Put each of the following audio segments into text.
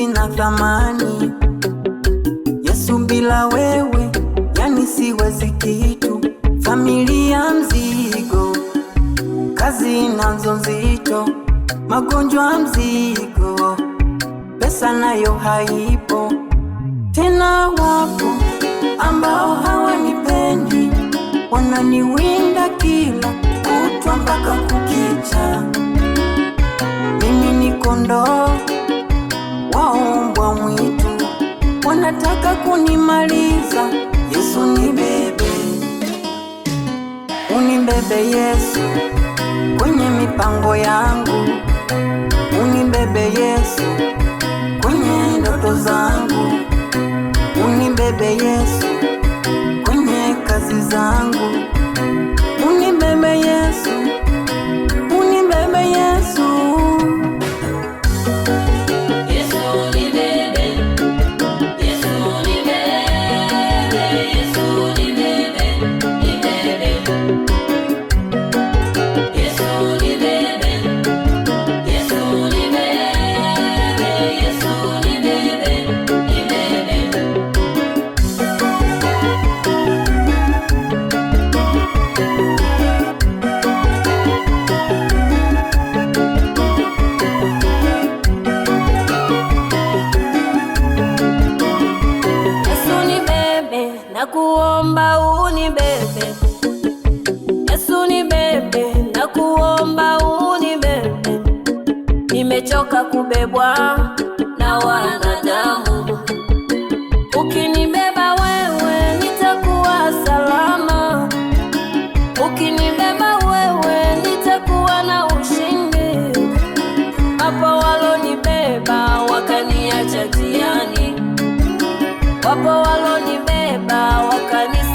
sina thamani. Yesu, bila wewe yani siwezi kitu. Familia mzigo, kazi nazo nzito, magonjwa mzigo, pesa nayo haipo tena. Wapo ambao hawanipendi, wananiwinda kila kutwa mpaka kukicha. Mimi ni kondoo wanataka kunimaliza. Yesu nibebe, unibebe Yesu kwenye mipango yangu, unibebe Yesu kwenye ndoto zangu, unibebe Yesu nakuomba unibebe Yesu nibebe, nakuomba unibebe, nimechoka kubebwa na wanadamu. Ukinibeba wewe nitakuwa salama, ukinibeba wewe nitakuwa na ushindi. Hapo walonibeba wakaniacha njiani, wapo walonibeba на околись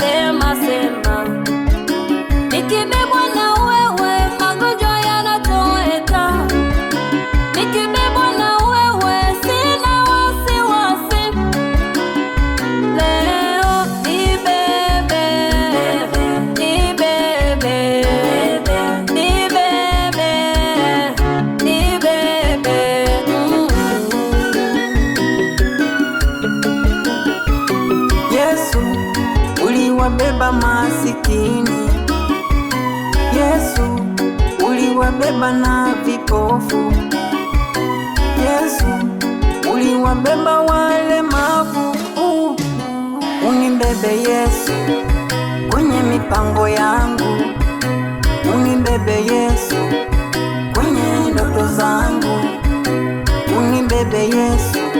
masikini. Yesu uliwabeba na vipofu. Yesu uliwabeba walemavu. Uh, unibebe Yesu kwenye mipango yangu, unibebe Yesu kwenye ndoto zangu, unibebe Yesu